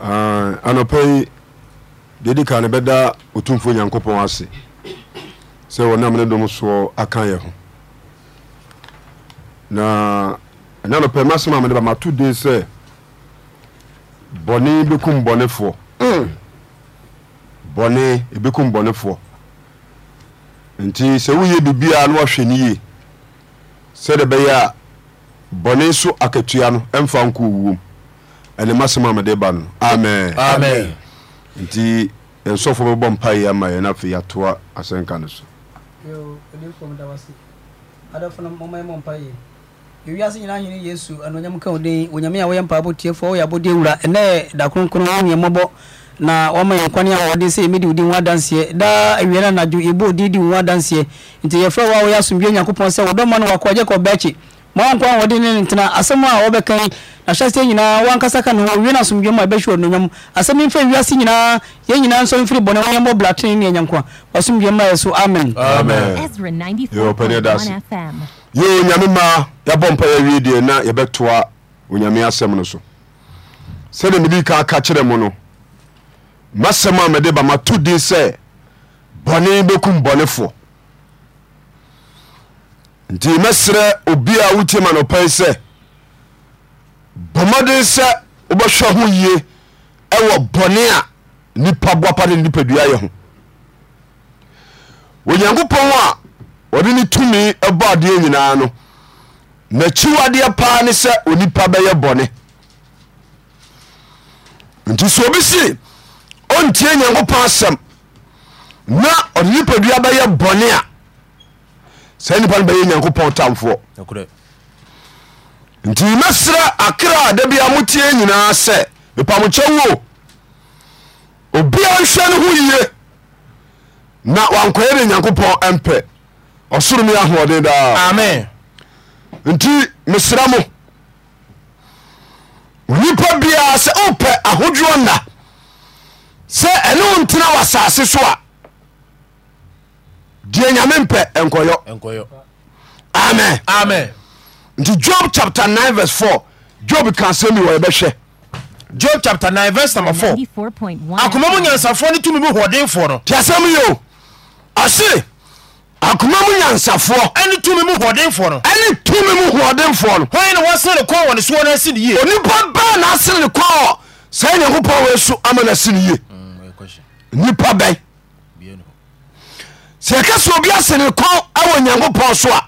Ah, anɔpa yi deɛ di kan no bɛda ɔtumfoɔ nyankopɔn ase sɛ wɔnam ne dom soɔ aka yɛ ho na ɛna anɔpa yi masɛm a mede bamato de sɛ bɔne bɛkum bɔnefoɔ mm. bɔne ɛbɛkum bɔnefoɔ nti sɛ woyɛ biribiaa na wahwɛ ne yie sɛde bɛyɛ a bɔne so akatua no ɛmfa nkɔ owuom ɛne masɛm a mede ba no amen nti ɛnsɔfoɔ bɛbɔ mpayi ama yɛ na afei yɛatoa asɛnka no so ewiase nyina nyini yesu anuonyam ka wo din onyame a woyɛ mpaabɔ tiefoɔ woyɛ abɔde wura ɛnɛ da kronkron wo neɛmmɔbɔ na wɔma yɛ nkwane a wɔde sɛ yɛmɛdi wodi ho adanseɛ daa awie no anadwo yɛbɔ odi di wo ho adanseɛ nti yɛfrɛ wo a woyɛ asomdwe nyankopɔn sɛ wɔdɔma no wakɔgye kɔbɛkye ma wankɔ a wɔde ne ne ntena asɛm a wɔbɛka yi nahyɛseɛ nyinaa wankasa ka ne ho wie no asomdwe a ɛbɛhwɛ ɔnonyam asɛm yi wiase nyinaa yɛn nyinaa nso mfiri bɔne wɔyɛ mmɔ blatene ne ɛnyanko a wasomdwe ma yɛ so amen yɛ onyame ma yɛbɔ mpa yɛwie deɛ na yɛbɛtoa onyame asɛm no so sɛde mede ka ka kyerɛ mu no masɛm a mede ba mato din sɛ bɔne bɛkum bɔnefoɔ nti mɛserɛ obia wotiama nɔpɛi sɛ bɔmmɔden sɛ wobɛhwɛ ho yie ɛwɔ bɔne a nipa boapa ne nipadua yɛ ho onyankopɔn a ɔde ne tumi bɔ adeɛ nyinaa no nakyiwadeɛ paa ne sɛ onipa bɛyɛ bɔne nti sɛ obi se ɔntie nyankopɔn asɛm na ɔde nipadua bɛyɛ bɔne a sanipa no bɛyɛ nyankopɔn tamfoɔ ntimɛserɛ akra dabia motie yinaa sɛ epamokyɛ wuo obia hwɛno ho ye na wankayɛde nyankopɔn mpɛ ɔsoro meyɛ ahoɔden daaa nti mesera mo onipa bia sɛopɛnɛne deɛ nyame mpɛ nkɔyɔ amen nti job chapter 9 verse 4 job ka me wɔ yɛbɛhwɛ job chapter 9 verse number 4 akoma mu nyansafoɔ ne tumi mu hoɔdenfoɔ no te yi o ɔse akoma mu nyansafoɔ ɛne tumi mu hoɔdenfoɔ no ɛne tumi mu hoɔdenfoɔ no na wɔsene ne kɔn wɔ ne soɔ onipa ne ne mm, sɛyɛkɛsɛ obi asene kɔn awɔ nyankopɔn so a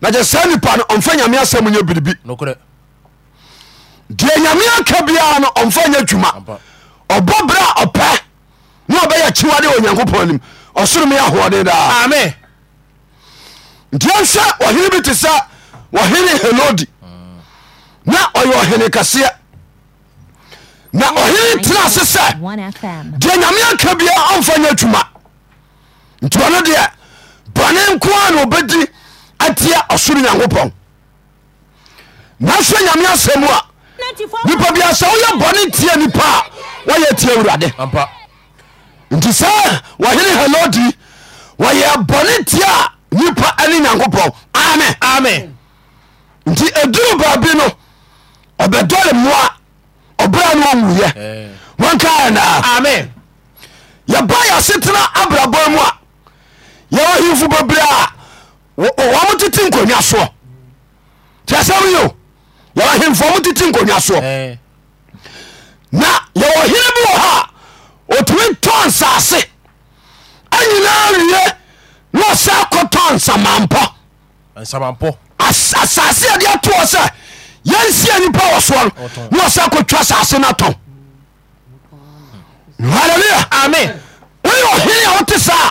na yɛ saa nnipa no ɔmfɛ nyame asɛ mya biribi deɛ nya ka bianɔmfnya dwuma ɔbɔ brɛaɔpɛ na ɔbɛyɛ kyewade ɔ nyankopɔn ani ɔsoromyɛahoɔne daa nɛ sɛ ee bi te sɛ ee henodi n ɔyɛ ɔhenekɛseɛ neaeɛɛ aɔfyadwma nti ɔno deɛ bɔne nkoa na obɛdi atia ɔsoro nyankopɔn nanso nyame asɛm a nipa bia sɛ woyɛ bɔne tia nipa a woyɛ tia awurade nti sɛ wɔhene helodi wɔyɛ bɔne tia nipa ane nyankopɔn amen amen nti ɛduru baabi no ɔbɛdɔre mmoa ɔbra no ɔwuyɛ eh. wɔnkaɛnaa amen yɛba yɛasetena abrabɔ mu a yw h fo ra wamotete nkonya so tasɛ yenkya s na yɛwɔhen biwɔ ha ɔtumi tɔ sase ayina we ne ɔsako tɔ nsamampɔ saseat sɛ yan hmm. a ayɛɔewo te saa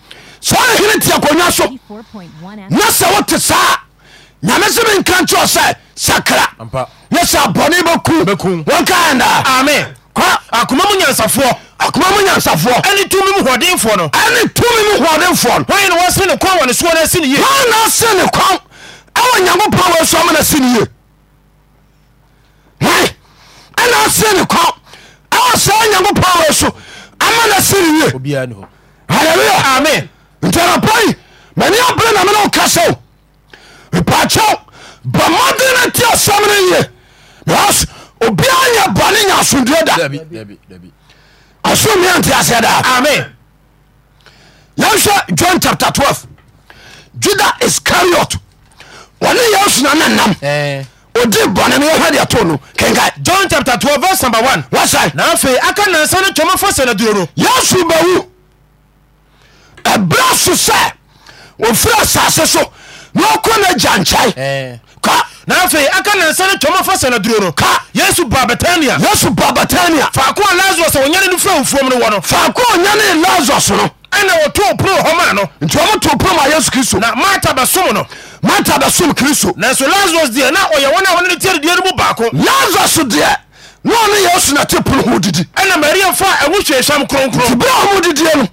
sɛ ɔrehwere te akonnwa so na sɛ wote saa nyame se menka nkyerɛ sɛ sakra ne sɛ bɔne bɛku wɔnkaɛndaa akoma mu nyansafoɔ akoma mu nyansafoɔ ɛne tumi mu hɔdenfoɔ no ɛne tumi mu hɔdenfoɔ no hɔn na wɔse ne kwan wɔ ne soɔ no asi ne yie hɔn na ase ne kwan ɛwɔ nyankopɔn wɔ soɔ ma no asi ne yie hɔn ɛna ase ne kwan ɛwɔ saa nyankopɔn wɔ so ama no asi ne yie hallelujah amen tre pa meneabre nmnekase epache bamadne tesemeyeray baya asuns john chapte 2 juda isarioton ɛberɛ so sɛ ɔfiri asase so na ɔkɔ ne agya nkyɛe e ɛka nansa no twamafa sanodur nyɛsu ba batania ɛs ba batania faako a lasarus aɔnyane no fra wfuom no wɔ no faako a ɔyane lasrus no ɛnɛwɔtoo poma no noo yu kris mata bɛsom natabɛso kristo aso lasarus deɛ na ɔyɛwɔn awɔne no tiarediɛ no mu baako lasus deɛ na ɔne yɛ so nate po n hodidi ɛnamareɛfoa ɛmo hwehyɛm krorobrɛ mdidi n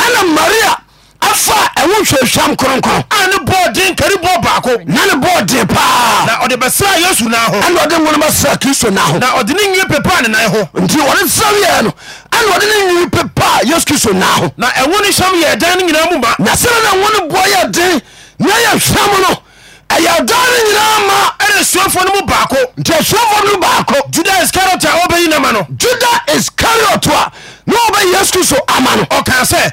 ɛna maria afa ɛwo nhwɛhwam kronkron a ne bɔɔ den kari bɔɔ baako na ne bɔɔ den paa na ɔde bɛsra yesu na ho ɛna ɔde nwono bɛsra kristo na ho na ɔde ne nwi pepa ne nan ho nti wɔde sɛm yɛɛ no ɛna ɔde ne nwi pepa yesu kristo na ho na ɛwo no hyɛm yɛ dan no nyinaa mu ma na sɛne na wo no boɔ yɛ den na yɛ hwam no ɛyɛ dan no nyinaa ma ɛna suafoɔ no mu baako nti asuafoɔ no mu baako juda iskariot a ɔbɛyi nama no juda iskariot a na ɔbɛ yesu kristo ama no ɔkaa sɛ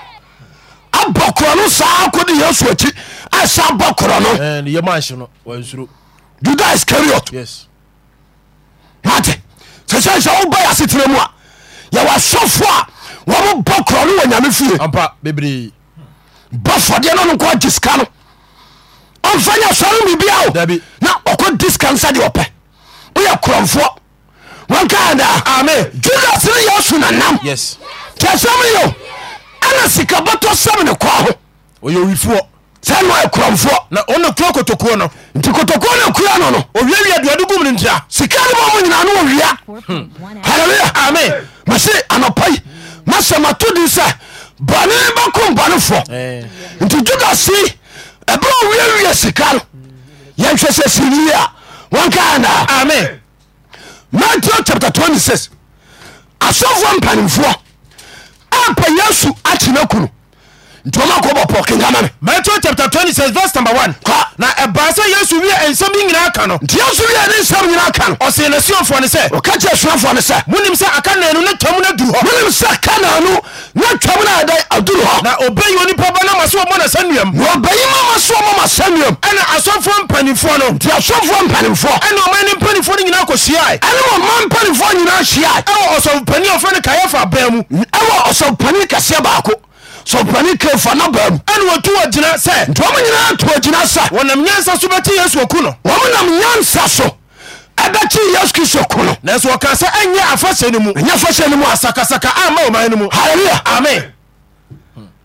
abɔ korɔ no saa kode yesu akyi ɛsɛ abɔ korɔ no eh, juda iscariot mate sɛ sɛ sɛ wobɔ yɛ asetena mu a yɛwɔ asɔfo a wɔmo bɔ korɔ no wɔ nyame fie bɔ fɔdeɛ no nokɔ gye sika no ɔmfa nyɛ sɔre biribia o na ɔkɔ di sika nsa deɛ ɔpɛ woyɛ korɔmfoɔ wɔnkaa daa judas ne yɛsu Yes. kyɛ sɛm yo ka sikayinaad o wiwi sika6 شنكل nbɔɔkamaa 6 na ɛbaa sɛ yasu wia nsɛm bi nyinaa aka no nti asu wiea ne nsɛm nyina ka no ɔse nasuomfoɔ no sɛ asuamfoɔ nsɛ monim sɛ aka na nu na twamu no aduru hɔone sɛ ka nano na twam no adan aduru hɔna obɛ yi onipa ba no masoɔ mɔ nasa nuam ɔbayi mama soɔ mɔ masa nnuam ɛne asɔmfoɔ mpanyimfoɔ nonti asfoɔ mpanimfoɔ ɛne ɔma no mpanimfoɔ no nyina akɔsia ɛnemɔma mpanimfoɔ nyinaa hyea ɛwɔ ɔsɔfopani ɔfa no kayɛ fa baa muɛwsfopanyikaseɛ bako sopani kefa na bam ɛne wɔtu wɔ gyina sɛ nti ɔmo nyinaa to agyina sa wɔnam nyansa so bɛkye yesu aku no ɔmo nam nyansa so ɛbɛkye yesu kristo ko no nanso wɔka sɛ ɛnyɛ afahyɛ no mu ɛnyɛ afahyɛ no mu asakasaka ama ɔman no mu halleluya amen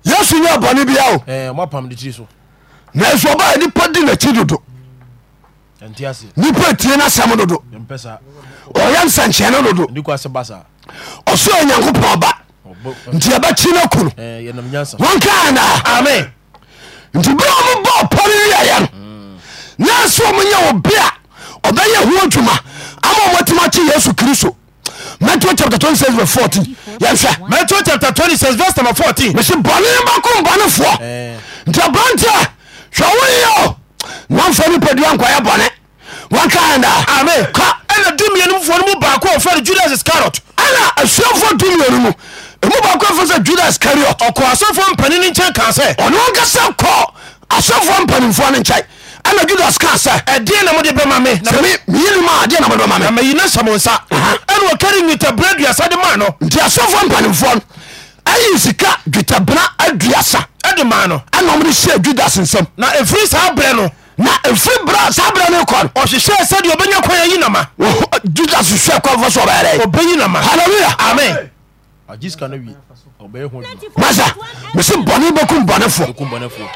yesu nyɛ bɔne bia o moapam de kyiri so nanso ɔbaa nipa di n'akyi dodo nipa tie no asɛm dodo ɔyɛ nsɛnkyɛne dodo ɔsoro onyankopɔn ntiyɛbɛkeno kukaaa nti eh, berɛ mobɔ pɔreyɛɛ no neaso mm. moya wo bea ɔbɛyɛ ho adwuma amamatimi kye yesu kristo mat 26 ɛe bnbakfontbrant hɛreyɛ mafn pɛdianka yɛ bɔne kaaɛna minu f nmu bakfɛne judas iscariot a suafoi ɛmu baakofo sɛ juda iskariot ɔkɔ asɔfoɔ mpani no nkyɛn kaa sɛ ɔne ɔnkasa kɔ asɔfoɔ mpanimfoɔ no nkyɛn ɛna judas kaa sɛ ɛdeɛ na mode bɛma me me sɛme meyinoma adeɛ na mode bɛma me na mayi na hyɛ mo nsa ɛne ɔkari nwitaberɛ aduasa de maa no nti asɔfoɔ mpanimfoɔ no ayi sika dwitabena aduasa ɛde maa no ɛna ɔmode hyɛ judas nsɛm na ɛfiri saa berɛ no na ɛfiri berɛ saa berɛ no kɔ no ɔhyehyɛɛ sɛdeɛ ɔbɛnya kwan ayi nama judas hwehwɛ kɔfo so ɔbɛyɛdɛ ɔbɛyi nama Hallelujah. amen agyesika no wie ɔbɛyɛ ho masa mese bɔne bɛkum bɔnefoɔ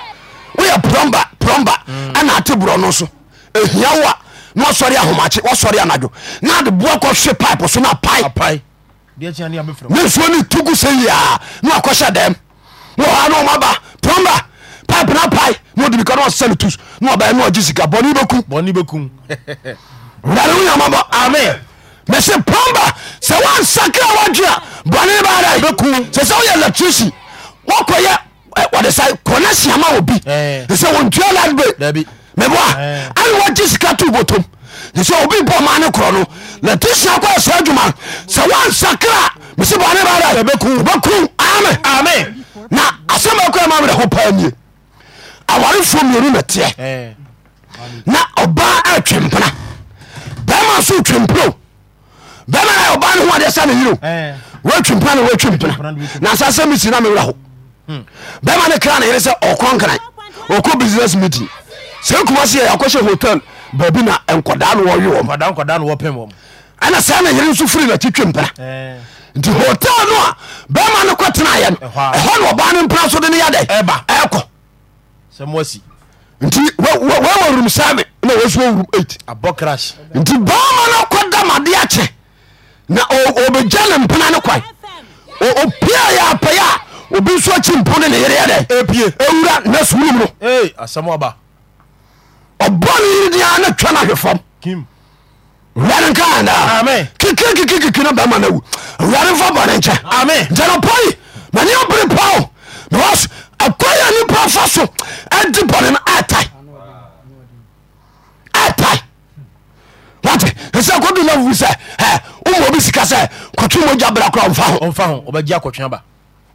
woyɛ prɔmba prɔmba ana mm. ate borɔ no so ɛhia wo a na wasɔre ahomakye wasɔre anadwo na ade boa kɔhwe pipe so no apae ne nsuo ne tugu se yia na wakɔhyɛ dɛm na ɔha ne ɔma ba prɔmba pipe no apae na ɔde bika na ɔsɛ no tus na ɔbɛyɛ na ɔgye sika bɔne bɛkum bɔne bɛkum wurade wo amen mese pamba sɛ wansakra wadwea bɔne bada sɛ sɛ woyɛ electrician wakɔyɛ wɔde sa kɔne siama obi sɛ wɔntua ladbe meboa ane wagye sika to botom sɛ obi bɔ ma ne korɔ no electrician kɔyɛ saa adwuma sɛ wansakra mese bɔne bada wobɛkum ame na asɛm akɔyɛ ma mede ho paa nie awarefoɔ mmienu eh. na teɛ na ɔbaa e atwempena bɛrima so twempero bemabane sane yere tipa i k sa aobe je le bina ne kwai opie ya peya obinsuwa ci pode ne yereyadeeie e ewura ne suuro munob obone yeri niyane tana ke fom were nkeadea keke kke kke ne bamane wu were fo bonenje ten opo mene obre pao because akoye ni pra fe se adi bonen at wate ɛsɛ kodu na wu sɛ woma obi sika sɛ kɔtwe mogya bra kora ɔmfa ho ɔbɛgye akɔtwe ba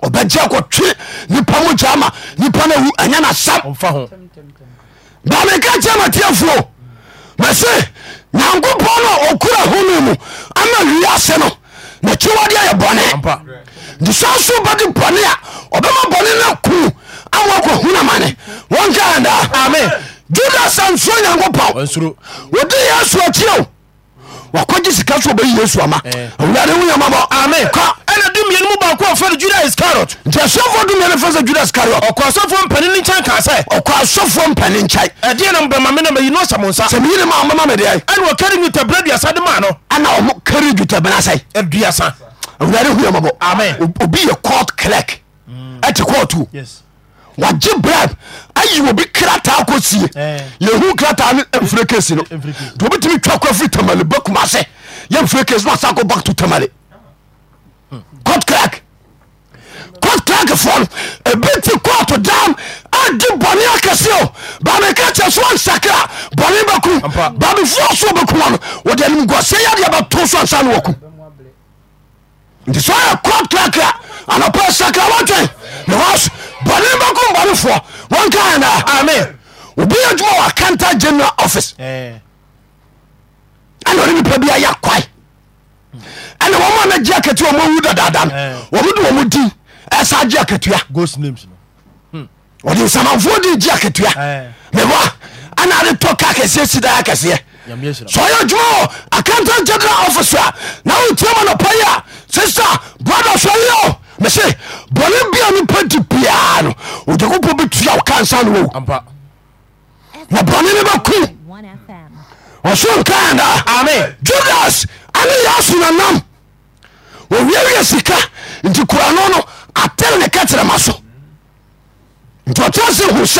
ɔbɛgye akɔtwe nipa mogya ama nipa no wu ɛnyɛ nasam bameka kyɛ matiafuo mɛse nyankopɔn no ɔkura home mu ama wie ase no nakyiwadeɛ yɛ bɔne nti saa so bɛde bɔne a ɔbɛma bɔne no ku ama kɔhunamane wɔnkaandaa judas ansuro nyankopɔn wode yesu akyio wakɔgye sika so wɔbɛyi yesu ama eh. awurade wo yamabɔ ame kɔ ɛna dumienu mu baako ɔfɛ no juda iscariot nti asɔfoɔ dumienu fɛ sɛ juda iscariot ɔkɔ asɔfoɔ mpani ne nkyɛn kaa sɛ ɔkɔ asɔfoɔ mpani nkyɛn ɛdeɛ na mbɛma me na mayi no ɔsa mo nsa sɛ meyine ma ɔmbɛma me deɛ ɛne wɔkari nwutabena aduasa de maa no ana ɔmo kari dwutabena sɛ aduasa awurade ho yamabɔ obi yɛ court clerk mm. ɛte court o wa je bra ayeo bi kra ta ko siye eh. yehun kra ta ne frekesi no doobe timi takofri tamale bakumese yemfrekesi nseko bato tamale hmm. cot crak cotcrak fon ebiti koto dam ade bone akeseo bamekra te suwansakra bone beku babe fo su beku on dnimi a seyaba to sunsanw nti sɛ yɛ kɔ krakra anapa sakra wɔte because bɔne bɛko bɔnefoɔ wɔnka anaa amen obi adwuma wɔ akanta general office ɛna ɔne nipa bi ayɛ kwae ɛna wɔma no gye akatua ɔmawu dadaada no wɔmode wɔ mu din ɛsa gye akatua ɔde nsamanfoɔ de gye akatua mewa ana de tɔ ka kɛseɛ sidaa kɛseɛ so ɔyɛ dwuma accountal general office a na otiama nɔpɔya sister brathe soyee mɛse bɔne bianopadi biaa no oyakupɔ bɛtua okansa no nborɔne ne baku ɔsonkaadaa judas ane ya asonanam ɔwia wiɛ sika nti kurano no atel ne keterɛma so ntiease hus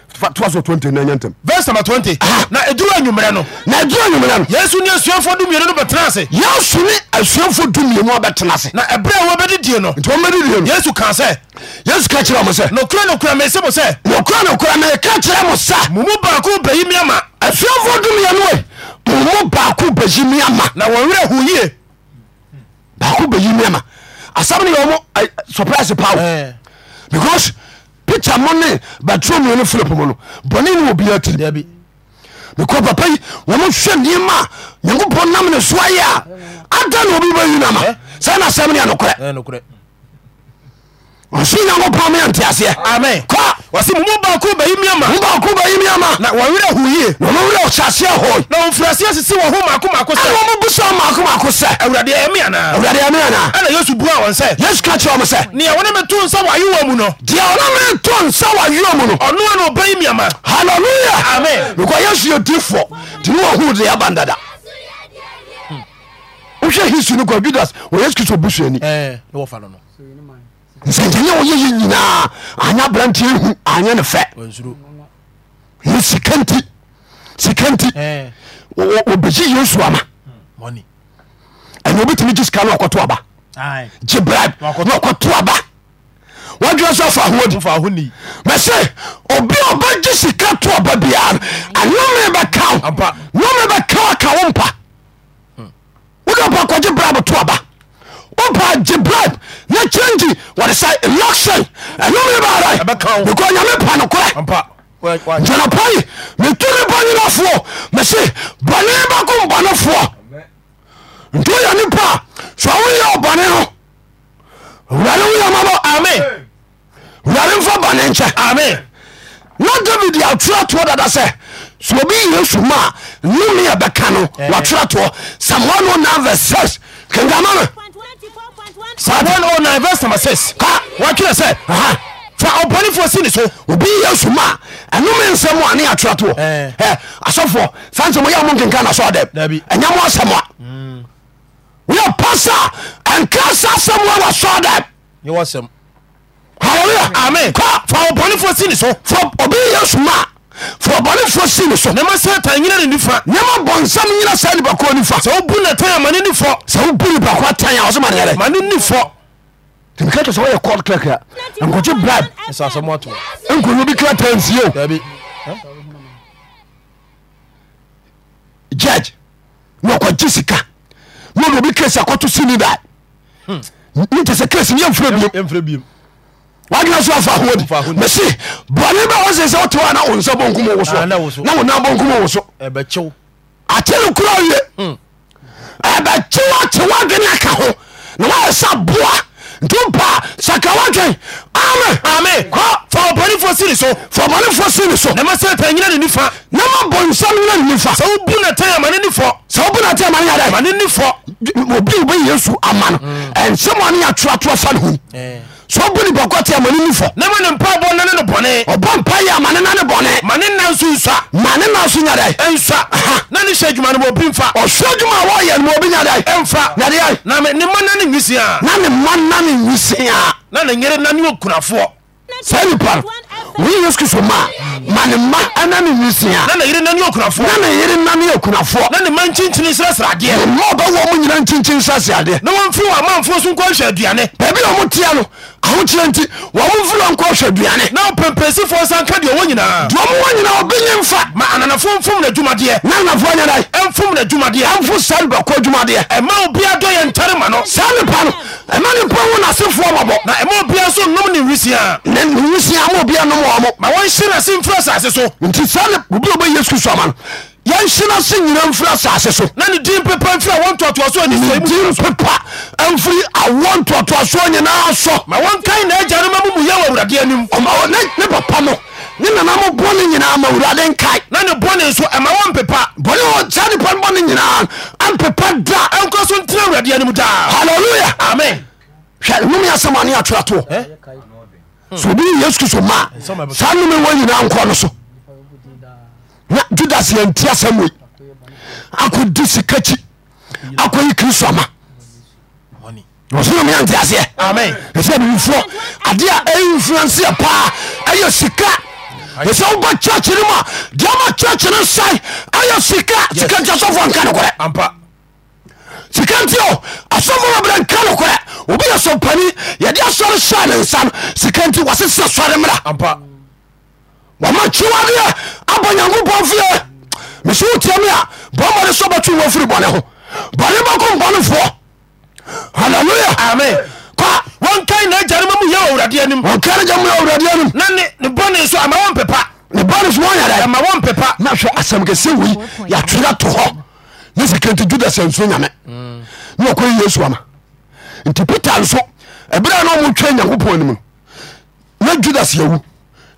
toaso 20 na nyantam verse number 20 na ɛduru anwummerɛ no na ɛduru anwummerɛ no yesu ne asuafoɔ dumienu no bɛtena ase yesu ne no, dumienu ɔbɛtena ase na ɛberɛ a wɔbɛdedie no nti wɔbɛdedie no yesu kaa sɛ yesu ka kyerɛ mo sɛ nokora nokora mese mo sɛ nokora nokora meka kyerɛ mo sa mo mu baako bɛyi me ama asuafoɔ dumienu no, mo mu baako bɛyi me ama na wɔwerɛ ho yie baako bɛyi me ama asɛm no yɛ ɔmo surprise paw because ea mone ba tuo mueni fele po mon bone ne wo bi a tiri becae papa womo se niema yenku po namene suwayea ada ne obi ba yer nima sena se mene yane kure ose yaku pomean teaseye Wasi mu mu baako bɛyi miama. mu baako bɛyi miama. na wɔn werɛ hu yie. wɔn werɛ ɔkyase hɔ. na wɔn furasi asisi wɔn ho maako maako sɛ. ɛwɔ mo bu sɔn maako maako sɛ. awurade ɛmi ana. awurade ɛmi ana. ɛna yesu bua wɔn sɛ. yesu ka kyerɛ wɔn sɛ. nea wɔn mi to nsa wɔ ayiwa mu no. deɛ wɔn mi to nsa wɔ ayiwa mu no. ɔno ɛna ɔbɛyi miama. hallelujah. amen. nkɔ yesu yɛ di fɔ di ni wɔn hu de yaba ndada. Hmm. wohwɛ history no kɔ judas wɔ yesu kristo no no nsɛnkyɛnni a wɔyɛ yi nyinaa anya aberanteɛ hu anya ne fɛ ne sika nti sika nti wɔbɛgye yesu ama hmm, ɛnna obitumi gye sika no ɔkɔto aba gye bribe na ɔkɔto aba wadwira sɛ afa ahodi mɛsɛ obi a ɔbɛgye sika to aba biara anome bɛkaw nome bɛkaw aka wo mpa hmm. wode ɔpa kɔgye bribe to aba wopa gye bribe na change wɔde sɛ election ɛnom ne baara because nyame pa nokorɛ ntonɔpai metore bɔ nyinafoɔ mese bɔne bako mbɔnefoɔ nti woyɛ nipa so woyɛ ɔbɔne ho wurade woyɛ mabɔ amen wurade mfa bɔne nkyɛ amen na david atwerɛ toɔ dada sɛ sɛ obi yɛ su ma a ne meyɛ bɛka no watwerɛ toɔ samoa no na verse 6 kenkama me 109 vs nb 6 ka wɔtwerɛ sɛ fa ɔbɔnefoɔ si ne so obi yɛ suma a ɛnome nsɛm a ne yɛatwerɛ eh. toɔ asɔfoɔ saa nsɛm yɛ mo nkenka na so adɛm ɛnyɛ mo asɛm a hmm. woyɛ pasa ɛnka sa asɛm a wɔsɔ dɛm halleluya amen ka fa ɔbɔnefoɔ si ne so fa obi yɛ suma a fo banefo sin sosatyeanna ma bnsam yenasanan swobnak b ka tase jage ka je sika b kresi ot sni se kresiyefra bi wadena so afa ahodi mese bɔne bɛ wose sɛ wotewa na wo nsa bonkum wo so ah, na wo na bonkum wo so eh, atere kura wie ɛbɛkyew hmm. eh, akye woadwene aka ho na woayɛ sɛ boa nti mpa saka woadwen ame kɔ fa ɔbɔnefoɔ siri so fa ɔbɔnefoɔ siri so na ma satan nyina ne nifa na ma bɔnsam nyina ne nifa sɛ wobu na tan ama ne nifɔ sɛ wobu na tan ama ne yɛdɛ ma ne nifɔ obi wobɛyɛ yesu ama no hmm. ɛnsɛm a ne yɛatoatoa fa ne hom eh so bu nipa kɔ te amane ni fɔ. ne ma nin pa bɔ ne ne ni bɔnɛ. ɔbɔ npa ye amane na ni bɔnɛ. ma ne na nsu nsa. ma ne na nsu ɲada ye. ɛ nsa. na ni sɛ juma ni mo bi nfa. ɔ so juma awɔ yɛ ni mo bi ɲada ye. ɛ nfa. ɲada ye. na mɛ nin ma na ni ɲusiya. na nin ma na ni ɲusiya. na nin yɛrɛ na ni y'o kunnafɔ. sɛni pa wọ́n yẹ sikisọ ma mani ma ẹna ni nisiya. nana yiri nani yóò kunafọ. nana yiri nani yóò kunafọ. nani ma nkyinkyini sira sira adiẹ. mọ ọba wo mu nyina nkyinkyini sira sira adiẹ. na wọn fi wọn a ma n fọ sunkọ nhyɛ aduane. bẹẹbi wọn ti yà no ahokyerɛ nti wɔmomfiri nkɔ hwɛ aduane na pɛmpɛsifoɔ nsa nka deɛ wɔ nyinaa deɛ ɔmowɔ nyinaa ɔbɛnye mfa ma ananafoɔ mfom n'adwumadeɛ na anafoɔ nyɛ dae ɛmfom n'adwumadeɛ ɛmfo saa nibakɔ adwumadeɛ ɛma obia dɔ yɛ ntare ma no saa nipa no ɛma nipa wo n'asefoɔ mɔbɔ na ɛma obia nso nom ne nwisia ne nwisia ma obia nom wɔ mo ma wɔnhyɛ n'ase mfiri asase so nti saa obi ɔbɛ yesu kristo ama no yɛnhyena se nyina mfiri asase so na ne din pepa mfiri awɔ ntoatoa so anisɛmdin pepa mfiri awɔ ntoatoa soɔ nyinaa so ma wɔnkan na agya no ma mumu yɛ wɔ awurade anim ɔma ne papa no ne nana mo bɔne nyinaa ma awurade nkae na ne bɔne nso ɛma wɔ mpepa bɔne wɔ saa nipa no bɔne nyinaa ampepa da ɛnkɔ so ntena awurade anim daa Hallelujah, amen hwɛ nome asɛm ane atoatoɔ sɛ obi ne yesu kristo maa saa nome wɔ nyinaa nkɔ no so na judas ti asɛm wei akɔdi sikakyi akɔyi kristo ama ɔsonomeante aseɛ ɛsɛ bibifoɔ ade a ɛyɛ Il paa ɛyɛ sika ɛsɛ church no mu a deɛ church no ɛyɛ sika sika nti asɔfoɔ nka nokorɛ sika nti o son nka nokorɛ obi yɛ yɛde asɔre hyɛ ne nsa no wama kyiwadeɛ aba nyankopɔn fie mese wotiame a bɔmɔde so bɛtu wɔ firi bɔne ho bɔne bɛkɔ mbɔnefoɔ halleluya amen na ma mu yɛ anim na yɛ anim na ne bɔne so ama wɔn pepa ne bɔne so ama na hwɛ asɛm kɛsɛ wei yɛatwere to hɔ ne sɛ juda judas nyame ne ɔkɔ yesu ama nti peter nso ɛberɛ na ɔmotwa nyankopɔn anim no na judas yɛwu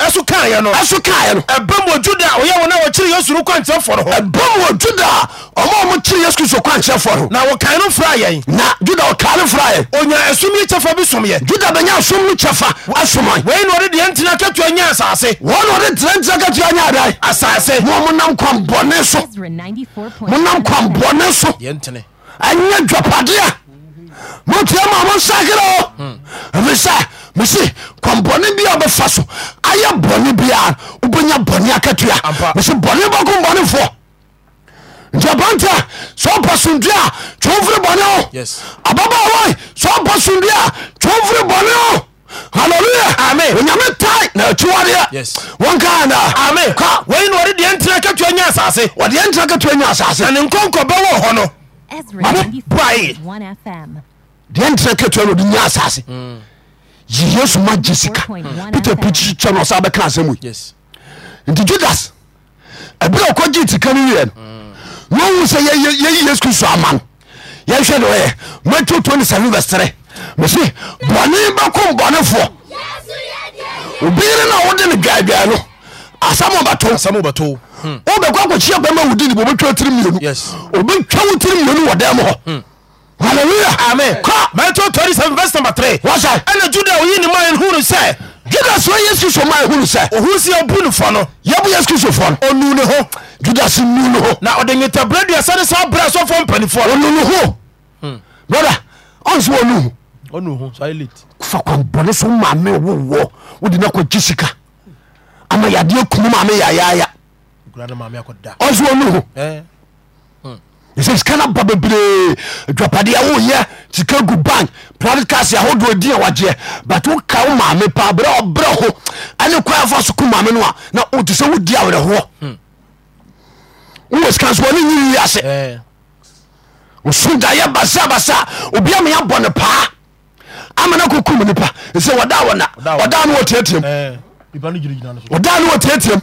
ɛso kaeɛ no ɛso kaeɛ no ɛbɛm wɔ juda a ɔyɛ wɔn a wɔkyere yesu no kwankyerɛfoɔ no hɔ ɛbɛm wɔ juda a ɔma ɔmo kyere yesu kristo kwankyerɛfoɔ no na wɔkae no fra yɛn na juda ɔkae no fra yɛn ɔnya ɛsom ne kyɛfa bi som yɛ juda bɛnya ɛsom no kyɛfa asoman wɔyi na ɔde deɛ ntena katua nya asase wɔn na ɔde tena ntena katua nya adan asase mo a monam kwan so monam kwan bɔne so ɛnyɛ dwapadeɛ motia ma monsakere o efisɛ mese kɔmbɔne bia bɛfa so ayɛ bɔne bia wobɛnya bɔne akatua mese bɔne bɔko bɔnefoɔ nti abanta sɛ ɔpɛ somdue a twomfere bɔne o ababa wa sɛ ɔpɛ somdue a twomfere o hallelujah amen onyame tae na akyiwadeɛ wɔnkaana amen ka wɔyi na wɔde deɛ ntena katua nya asase wɔde ntena katua nya asase na ne nkɔnkɔbɛ wɔ hɔ no eɛ ntea kra andeya asase mm. ye yesu ma e sika pete pɛsaɛka sɛmui nti judas abirɛ kɔ gye sikano wen mm. nowu sɛ yɛ yesu kristo ama n yɛhwɛ deɛyɛ maw 27sere mɛse bɔne bɛkom bɔnefoɔ obeera no wode ne bwabwa no asɛmba wobɛkɔ akɔkyea bɛma wodi ne bɔbɛtwa tiri mmienu obɛtwa wo tiri mmienu wɔ dɛm hɔ hallelujah amen kɔ matthew twenty seven verse number three wasa ɛna juda oyi ne maa ehunu sɛ juda sɔ yesu sɔ maa ehunu sɛ ohun si ebu ne fɔ no yabu yesu sɔ fɔ no onu ne ho juda si nu ne ho na ɔde nyita bere duasa ne saa bere asɔfo mpanimfoɔ onu ne ho broda ɔnso onu onu ho silent fa kwan bɔne so maame wowɔ wodi na kɔ gyi sika ama yadeɛ kumu maame yaayaaya. Ya ɔso ɔnu ho ɛsɛ sika no ba bebree adwapadeɛ woyɛ sika gu bank private cars ahodoɔ di a wagyeɛ but woka wo maame paa berɛ ɔbrɛ ho ɛne kwaɛfa so ko maame no a na wote sɛ wodi awerɛhoɔ hmm. wowɔ sika nso ni nyi yi ase oso dayɛ basabasa obia meya bɔ ne paa amana kokum nipa ɛsɛ wɔda wɔna ɔda no wɔ tiatiam ɔda no wɔ tiatiam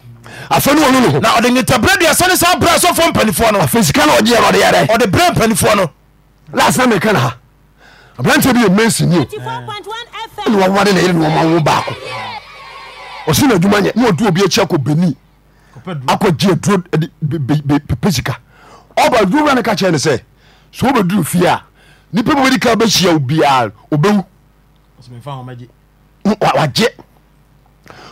afei ne wɔno no ho na ɔde nitaberɛ aduasa ne saa brɛ asɔfoɔ mpanifoɔ no afei sika na ɔgyeɛ no ɔde yɛrɛ ɔde brɛ mpanifoɔ no last na meka na ha aberante bi yɛ mansi nie ne wɔwade ne yere ne wɔma wo baako ɔse no adwuma nyɛ ne obi akyi akɔ beni akɔgye aduro pepe sika ɔba aduro wura no ka kyerɛ ne sɛ sɛ wobɛduru fie a nipa bɛbɛdi ka bɛhyia wo biaa obɛwu wagye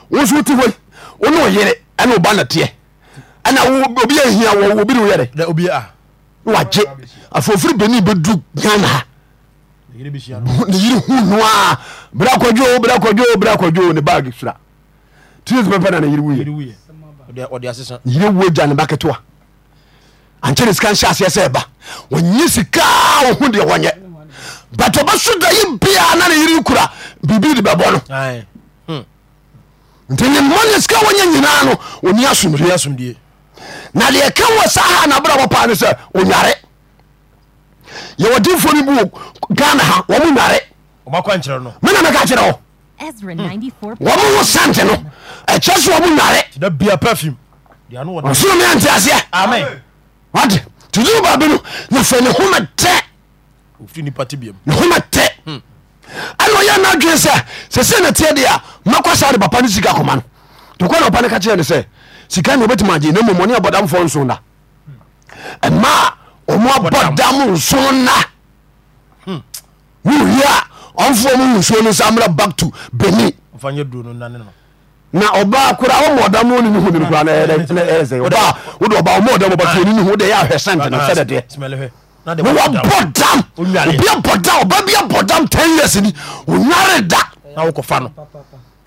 wo so wote hɔi wo ne ɛna ɔba na teɛ ɛna obi ahia wɔ obi ne woyɛre na obi a wagye afofiri beni bɛdu ghana ne yere hu noa bra kɔdwo bra kɔdwo bra kɔdwo ne bag sura tins pɛpɛ na ne yiri wuye yiri wuye gya ne ba ketewa ankyɛ ne sika nhyɛ aseɛ sɛ ɛba wɔnyɛ sika wɔ ho deɛ wɔnyɛ but so da yi bia na ne yere kura biribi de bɛbɔ no hmm. nti ne mmɔ ne sika wɔnyɛ nyinaa no oniasomna de kamwo sa aha nabra ba pane sɛ onyare yɛwdefone bio gane ha wom yaremene meka kyerɛo wom hmm. sante no ekye se wom aresone meante aseɛ tzo babino nafenetme te aneyɛne hmm. den se sesena tiɛ dea maka sade papane sika kma tokwa na ɔpa no ka kyerɛ ne sɛ sika ne wobɛtumi agye na mmom ɔne abɔdamfoɔ nso na ɛma ɔmo abɔdam nso na wowie a ɔmfoɔ mu nsuo no sa mmra back to beni na ɔba kora wɔmɔ ɔdam no ne ne hu ne nokora na ɛyɛsɛ ɔba wode ɔba ɔmɔ ɔdam ɔba tuani ne hu de na ahwɛ sɛnte no sɛdɛdeɛ wowabɔ dam obi abɔ dam ɔba bi abɔ dam 10 years ni onyare da na wokɔfa no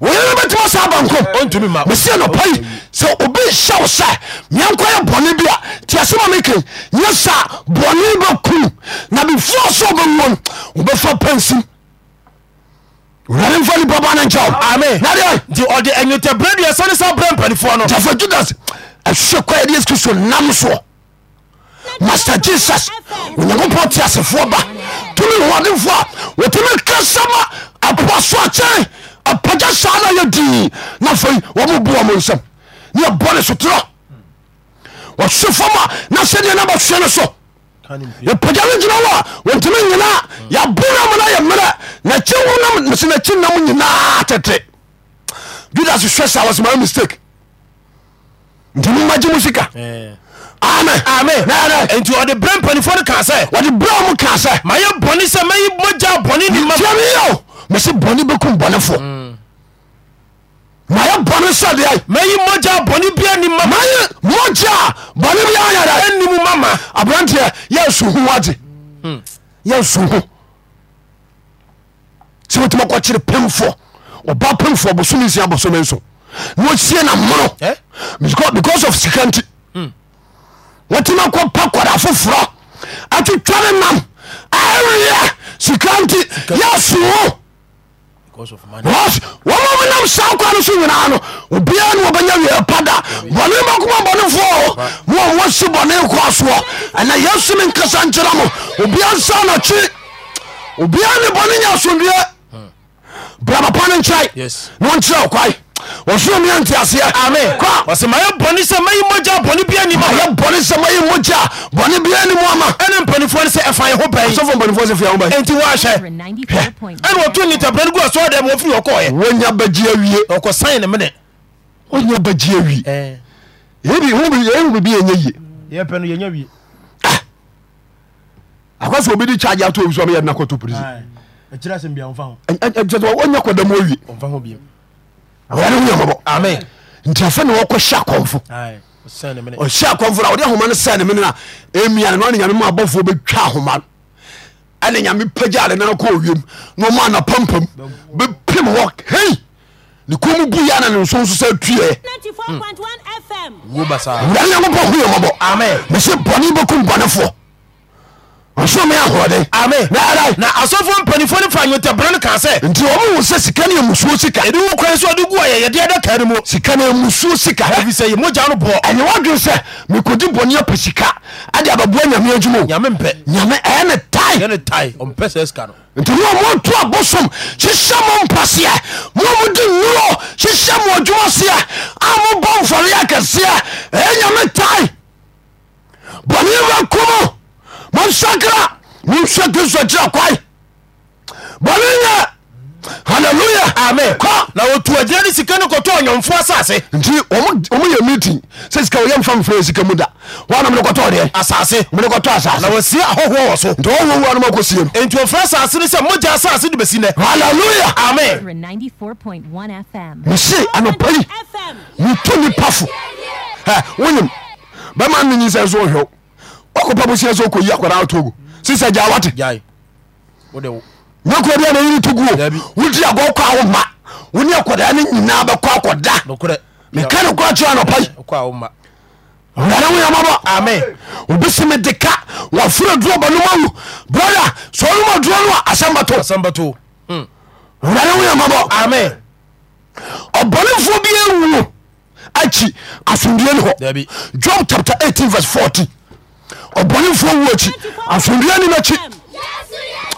bɛtimisanmɛsn obɛsɛ smiankɛ bɔn bi tase ma mk ysa bɔebnbfiɛfa pansim a brɛssabrpedjusɛ y risto nams mase jesus onyankopɔn tiasefoɔ ba tumi hdfoa otmi kasama apua soakye apagya saa na yɛ dii na afei wɔmobu wɔ mo nsɛm ne yɛbɔne sotorɔ wɔse fam a na sɛdeɛ na bɛsoɛ no so yɛpagya no gyina wɔ a wɔntimi nyinaa yɛabona mo na yɛ mmerɛ nakyi wonam mese nakyi nam nyinaa tɛtere judas hwɛ sa wɔse my mistake nti momagye mo sika nti ɔde berɛ mpanifo no kaa sɛ wɔde berɛ mo kaa sɛ mayɛ bɔne sɛ mayi mogya bɔne ne mamyɛ mese bɔne bɛkum bɔnefoɔ mm. aye bone se demeye ma bone binimoja bone binimu mama brate yesuude yesuu sewatim ko ceri pamfo ba pamf ossss sie namoro eh? because of sikanti watima ko pa kode fuforo achucore nam areye sika ntiyesuu womamenam san kwano so nyinaa no obia ne wobɛnya we pada bɔne bakuma bɔne fo momosi bɔne kɔa soɔ ana ya simi nkasa nkyera mo obia sa na kye obia ne bɔne nya asomdie bra ba pane nkɛ neonkyerɛokwa ɔsoro mi ante aseɛ ami kɔ ɔsɛ ma yɛ bɔnni sɛ ma yi mɔgya bɔnni bi anim ama yɛ bɔnni sɛ ma yi mɔgya bɔnni bi anim ama ɛna mpanyinfoɔ ni sɛ ɛfa yɛ ho bɛyi ɔsɔfo mpanyinfoɔ sɛ fi yɛ ho bɛyi eti wɔahyɛ hwɛ ɛna wɔtu nitabere no gu asɔɔ dɛm wɔfiri wɔkɔ yɛ wɔnya bɛgye awie ɔkɔ san ne mene wɔnya bɛgye awie yɛbi yɛbi yɛbi bi yɛnyɛ yie yɛpɛ no yɛnyɛ wie akɔsɛ obi di kyaagye ato obi so ɔmo yɛ nakɔto prison ɛkyerɛ sɛ mbiamfa ho ɛkyerɛ sɛ wɔnya kɔdam awie ɔmfa ho biam b nti afene woko sya konfosyɛ konfoode ahoma no senemenea emiannne nyame mabofoo betwa ahomano ane yame paja alenanako owem ne omana pampam bepemoho hei n komu bu yanane nsoso sa tuepbes bnf ɔsome ahoɔden ame naara na asɔfo mpanifo no fa nwetɛberɛ no kaa sɛ nti ɔmo wo sɛ sika ne amusuo sika ɛde wo kwan sɛ ɔde gu a yɛyɛdeɛ da kaa no mu sika ne amusuo sika ɛfi sɛ yɛ mogya no bɔɔ ɛne woadwene sɛ mekɔdi bɔne apɛ sika ade ababoa nyame adwuma nyame mpɛ nyame ɛyɛ ne tae ɛne tae ɔmpɛ sɛ sika no nti mo moto abosom hyehyɛ mo mpaseɛ mo mode nnuro hyehyɛ mo adwuma seɛ a mobɔ mfɔre akɛseɛ ɛyɛ nyame tae bɔne wura komo mosakra moseke skre kwa b alelamiad sikkyfsnt myɛ meeting yfa mfrasikmdneseossenfsasd samse np en pafm s myinaobo am obiseme deka afure duobanm brothe soum do asambetom obolfo biwu aci asundien ho jon chapter e vers 40 ɔbɔnefoɔ wu akyi asomdua nim akyi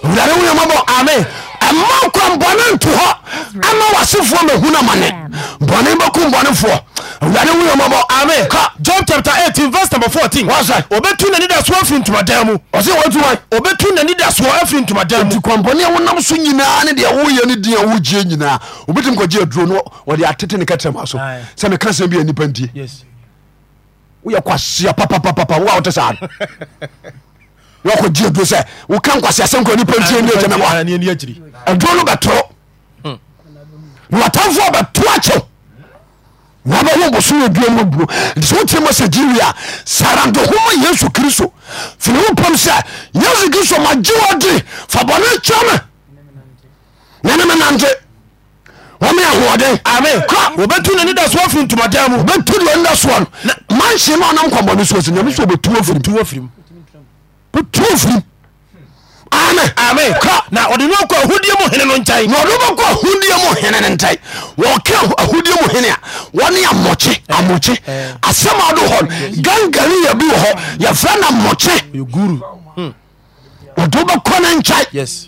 wurare woyamabɔ ame ɛma kwan bɔne nto hɔ ama wasefoɔ mahu no mane bɔne bɛku bɔnefoɔ wurade woyamabɔ ame ka john chapter 18 vs number 14 wasa obetu nani da soɔ afiri ntomadan mu ɔse watuma obetu nani da soɔ afiri ntomadan mu nti a wonam so nyinaa ne deɛ woyɛ no din a wogyee nyinaa obɛtumi kɔgye aduro no wɔde atete ne ma so sɛ meka sɛm bi a nnipa ntie y kasia psiakasse etr tamfo betoa ke bhoboso uwtese i wa sa rante homa yesu kristo feneo pomse yesu kristo majeo de fa bone komenenn ehanfrdkim noimn nek sd angaiabifan k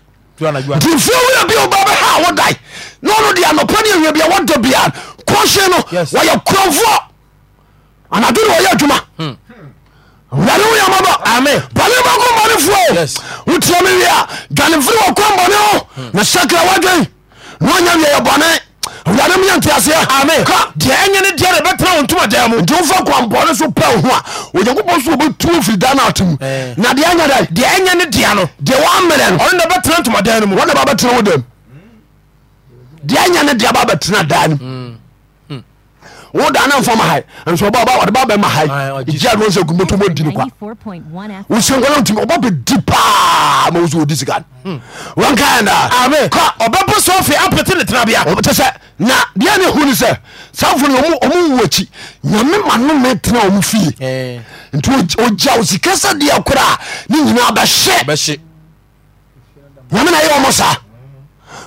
nti fie wura bi oba bɛha wo dae na ɔno de anɔpa ne awia bia wɔdɔ bia kɔhye no wɔyɛ kurɔfoɔ anado ne wɔyɛ adwuma wurade wo yamabɔ bɔne bɛko mbɔnefoɔ wotia me wie a dwane mfiri wɔ kɔ mbɔne ho na sakra woadwen na ɔnya wieyɛ bɔne anɛminyantiaseɛ ame deɛ ɛnyɛ ne dea na ɛbɛtena wo ntomdan mu nte wofa kwambɔ ne so pɛo ho a onyankopɔn so wobɛtuo firi da no atemu eh. na de anyda deɛ ɛnyɛ ne dea no deɛ waamerɛ no ɔnenɛ bɛtena ntomda nomu wna babɛtena wodamu de ɛnya ne dea babɛtena daa nom wodane mfama hai nsbdebabɛma haiadwsɛ kumbɛtomɔ dini kwa wosenkwana ntimi ɔba bɛdi paa ma woso wodi sika no hmm. wankaɛnda ɔbɛpo sɔfe apete ne tenabea te sɛ na deɛ ne hu ne sɛ safo no ɔmo wu akyi nyame ma nome tena ɔmo fie eh. nti ogya wo sika sɛ deɛ koraa ne nyinaa bɛhye nyame na yɛ ɔmo saa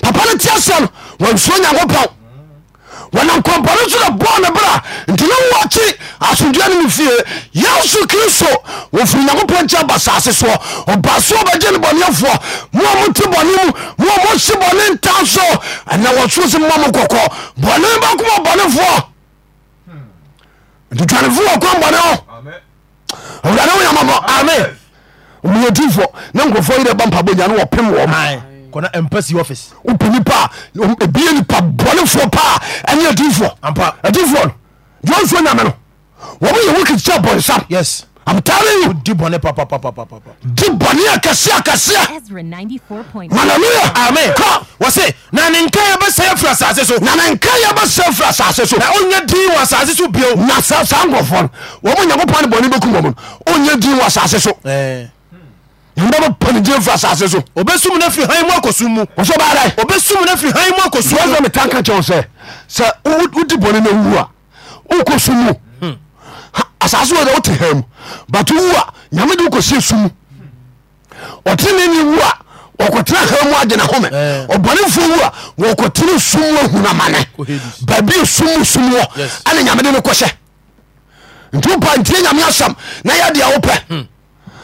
papa ne tia sen wansuo yanko pan wan bso ebra tnewae asm ieyes kristo nyakp ssomf t af bm ferypa pm kɔnɔ embassy office. o pe pa ebi pa nipa bɔnifɔ pa ɛni ɛdinfɔ. ampa ɛdinfɔ jɔnso nyame no wɔn yɛ wo kìkìkì bɔnsam. yes i'm telling you. di bɔnɛ papapapapa. di bɔnɛ akasiya akasiya. hallelujah amen. kɔ wɔsi na nin ka yɛ bɛ sɛn fila saase so. na nin ka yɛ bɛ sɛn fila saase so. na o nya di wa saase so bi o. na sa sa ngɔfɔ wɔn mo nya ko paani bɔnni bɛ kun wɔn mo o nya di wa saase so. ɛɛ yamdabo panigye fa asase so. obesumu ne fi han mu akosu mu. wosɔ baa da yi. obesumu ne fi han mu akosu mu. wọ́n sọ mi tán ká kyẹn sẹ sẹ wúti bọ̀ni ne wu a wọ́n kò sun mu hmm. asase wo de wọ́n ti hẹ́ mu bàtú wu a nyame de wọ́n kò si sun mu ọ̀tí ni ni wu a wọ́kọ̀ tẹ́lẹ̀ hẹ́ mu agyina home ọ̀bọ̀ni eh. fún wu a wọ́kọ̀ tẹ́lẹ̀ sun mu ehunamane bàbí e sun mu sun mu wọ nyame de ne kọ́ sẹ ntu pa ntiẹ e nyame asam na yẹ di a wọ́pẹ́. Hmm.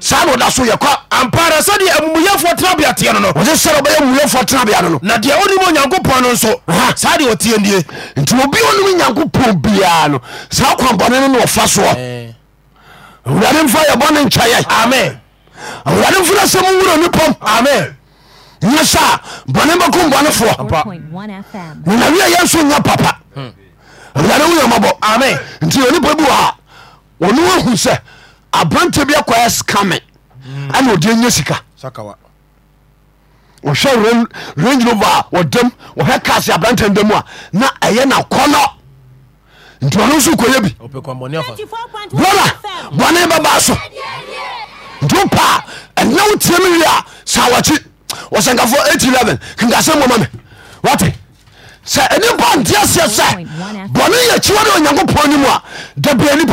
saa no da so yɛk ampara sɛdɛ amumuyɛfoɔ terabiatɛ nof yɛso ya papati ɔn ahu sɛ abrante biakɔɛ skame ane od nya sika hɛ ragiroba kasantmnyɛnakn nnsokyɛ bib bnbaba so tpa ɛne wotiamiwia sa wc snkafo 811 enkasɛmamsanip nde siɛ sɛ bn yɛ kiwdenyankopɔ nm nip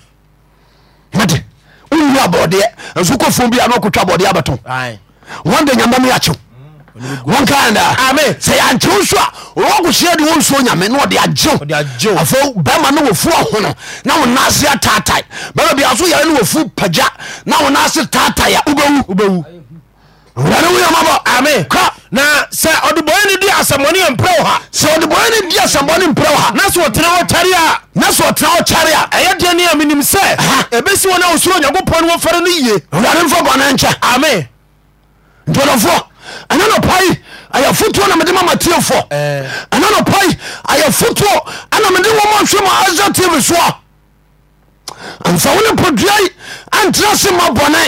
oabodeɛ skofobin kw bdɛ bt wde yambamoyakyesyankye sua ksed osuyamen d ae bɛma ne wofu hono na onasea tati bm biaso yer ne wfu paja n onse tat b na sɛ ɔdebɔne no di asɛmmɔne yɛ ha sɛ ɔdebɔne no di asɛmmɔne mprɛw ha na sɛ ɔtena ɔkyare a na sɛ ɔtena ɔkyare a ɛyɛ deɛ ne a menim sɛ ɛbɛsi wɔn a ɔsuro onyankopɔn no wɔfɛre no yie wurade mfa bɔne nkyɛ ame ntɔdɔfoɔ ɛna nɔpa yi ayɛfotuo na mede ma matiefoɔ ɛna nɔpa yi ayɛfotuo ana mede wɔm ahwɛ ma asa tv soɔ amfa wo ne podua yi antena se ma bɔne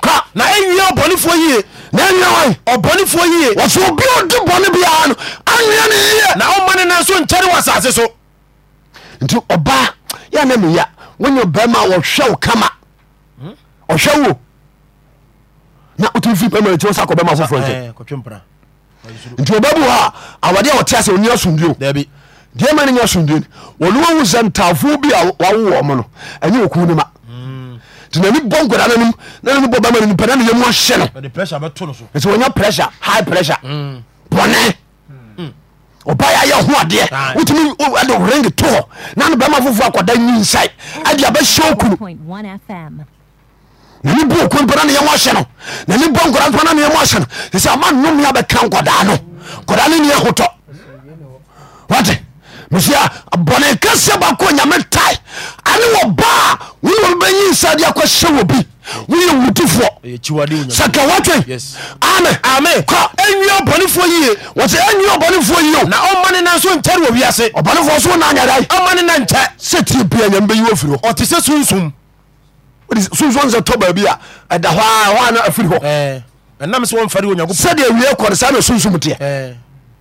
ka na ɛnwia ɔbɔnefoɔ yie na ɛnwia wɔn ɔbɔnefoɔ yie wɔsɔ obi a ɔdi bɔne biara no anwia ne yie na ɔma ne nan so nkyɛne wɔ asase so nti ɔbaa yɛ ne meya wonyɛ bɛrima wɔhwɛ wo kama ɔhwɛ wo na wotumi firi bɛrima akyi wo sa kɔ bɛrima foforɔ nkyɛ eh, nti ɔbɛbu hɔ a awade a wɔte ase ɔni asomdweo deɛ ma no nyɛ asomdweo wɔne wawu sɛ ntaafoɔ bi a wawo wɔ mo no ɛnyɛ wɔkuw no ma tinani bɔ nkɔda nanim nanim bɔ bama nanim pɛnɛ niyɛ mu ahyɛ no nti wɔnya pressure high pressure bɔnɛ ɔba yɛ ayɛ ho adeɛ wotumi ɛde ring to hɔ na bɛma foforɔ akɔda nyinsae ade abɛhyɛ okunu nani bɔ okun pɛnɛ niyɛ mu ahyɛ no nani bɔ nkɔda pɛnɛ niyɛ mu ahyɛ no sɛ ama nnome abɛka nkɔda no nkɔda ne niyɛ hotɔ wate mesia bɔne kesɛ bakɔ nyame tai ane wobaa wene obbeyisa de ksyɛ wobi woyɛ wudifskwt bnf yie bnf yio na ɔmane nso nkɛre wwiase nfsnnyamannnkɛ st bia nyameifri t sɛ sonsu sbabi fri hs sn sonsum d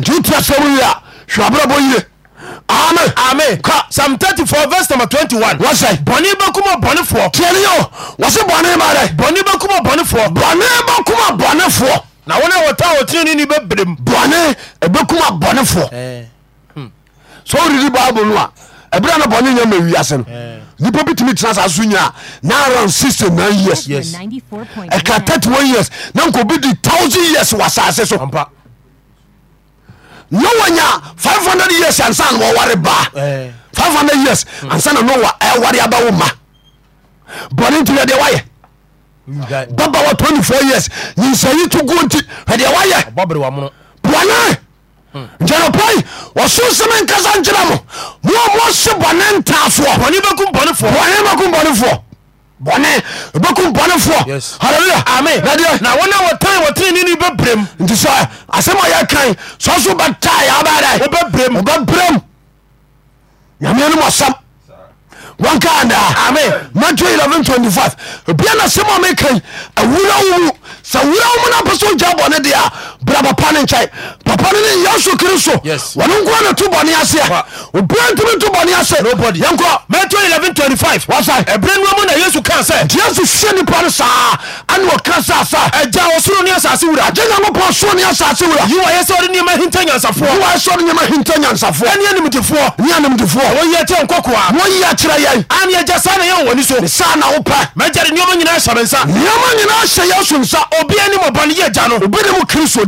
nti wotia sɛm wie a hwɛ abrabɔ yire amen amen ka psalm thirty four verse number twenty one. wọ́n sẹ́yìn. bọ̀nì bá kúmọ̀ bọ̀nì fọ̀. tiẹ̀ni yóò wọ́n sẹ́ bọ̀nì bá dẹ̀. bọ̀nì bá kúmọ̀ bọ̀nì fọ̀. bọ̀nì bá kúmọ̀ bọ̀nì fọ̀. na wọn náà wọ́n ta wọ́n tiẹ̀ ní bẹ́ẹ̀ bẹ̀rẹ̀ mu. bọ̀nì ẹ̀bẹ̀ kúmọ̀ bọ̀nì fọ̀. so riri baabu nu a ẹ̀bí àná bọ̀nì yẹn mẹ̀ wíyá sẹ́nu. nipa bi tumi tena saa so na around sixty nine years ɛka thirty one years na nkobi di thousand years wɔ asase so. No nowa nya 500 years ansa na wɔware baa 500 years ansa na nowa ɛware abawo ma bɔne nti hwɛdeɛ wayɛ baba wa 24 years nyinsayi to go nti hwɛdeɛ wayɛ bɔne hmm. nkyɛnɛpai wɔso sɛme nkasa nkyerɛ mo moa moase bɔne ntaafoɔ bɔne bɛkum bɔnefoɔ bne bk bone fumntnni be brem intiso aseme oye ken sosu ba ta yabad obbrbbrem yama nemosem wnkaam mattew 112 5e obine seme ome ken awuro womu sewuro womu npeso oja bone dea bra papa no nkyɛe papa no ne yesu kristo wɔne nkoa ne to bɔne aseɛ obia ntimi to bɔne ase yɛnkɔ matthew 11:25 wasa ɛberɛ noa mu na yesu kaa sɛ nti yesu hyɛ nnipa no saa ane ɔka sa sa agya ɔsoro ne asase wura agya nyankopɔn soro ne asase wura yiwɔyɛ sɛ ɔde nneɛma hinta nyansafoɔ yiwɔyɛ sɛ ɔde nneɛma hinta nyansafoɔ ɛne animdefoɔ ne animdefoɔ wɔyi akyerɛ nkɔkoa wɔyi akyerɛ yɛn ane agya saa na yɛn wɔni so ne saa na wopɛ mɛgya de nneɔma nyinaa hyɛ me nsa nneɔma nyinaa hyɛ yesu nsa obia ne mɔbɔne yɛ agya no obi ne mu kristo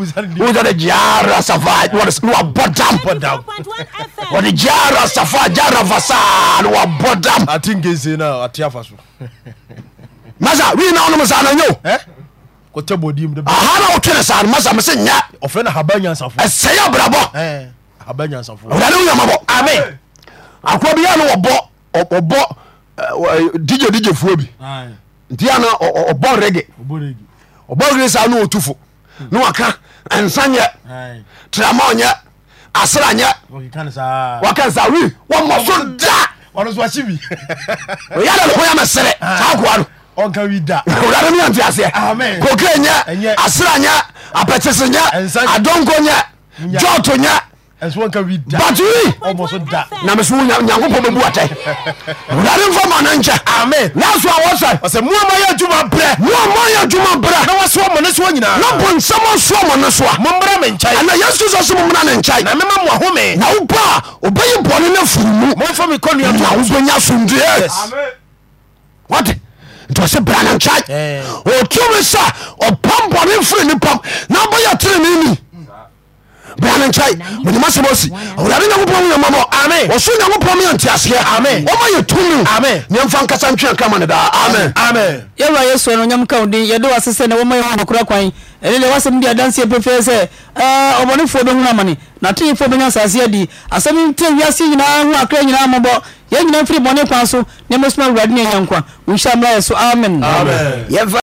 wọ́n jara safa wọ́n bọ́ dam jara safa jara fasa wọ́n bọ́ dam. àti ngèsè náà àti àfàsù. masa wíì náà ọ̀nàmọ̀ sànà yóò. kò tẹ́ bọ̀ dìímù. àhánà òtún ẹ̀ sànà masa mi sì ń yẹ. ọ̀fẹ́ náà haba nyansafo. ẹsẹ̀ yà bẹ̀rẹ̀ haba nyansafo. ọ̀dàdé wúyà má bọ̀. ami àkùrọ̀ bí yà ni wọ́n bọ̀ ọ̀ bọ̀ díje díje bi ntíyà náà ọ̀ bọ̀ rẹ́gẹ̀ ọ̀ bọ̀ rẹ́gẹ̀ sá ní òtúfò ní wà insan ye trama ye asra yeke sa omoso dayadoame serkadd nanti as kokre ye asra ye apetese ya adonko ya jotoya batwi na meso nyankopɔn bɛbu atɛ wurade mfa ma no nkyɛ amen naso a wɔsɛ ɔsɛ moama yɛ adwuma berɛ moama yɛ adwuma berɛ na wɔsoa mo ne soa nyinaa na bonsɛm ɔsoa mo ne soa mommra me nkyɛe ɛna yesu sɛ so mommra ne nkyɛe na mema mo ahome na woba a wobɛyɛ bɔne no afuru mu momfa me kɔnnua na wobɛnya asomdue wate nti ɔsɛ bra ne nkyɛe ɔtumi eh. sɛ ɔpam bɔne mfiri ne pam na wobɛyɛ terene ni bane nkyɛe menim asɛm asi awurade nyankopɔn yɛmmɔbɔ amen wɔso nyankopɔn me yɛnteaseɛ amen yɛ tumi amen nkasa ntwea krama ne daa amen amen yɛwura yɛsua no onyam ka wo din yɛde wase sɛ ne wɔma yɛ kwan ɛne deɛ wasɛm di adanseɛ pɛfɛɛ sɛ ɔbɔnefoɔ bɛhunu amane nateyifoɔ bɛnya asase adi asɛm ntire wiase nyinaa ho akra nyinaa mmɔbɔ yɛn nyinaa mfiri bɔne kwan so ne mɛsoma awurade ne anya wonhyɛ mmra yɛ so amen.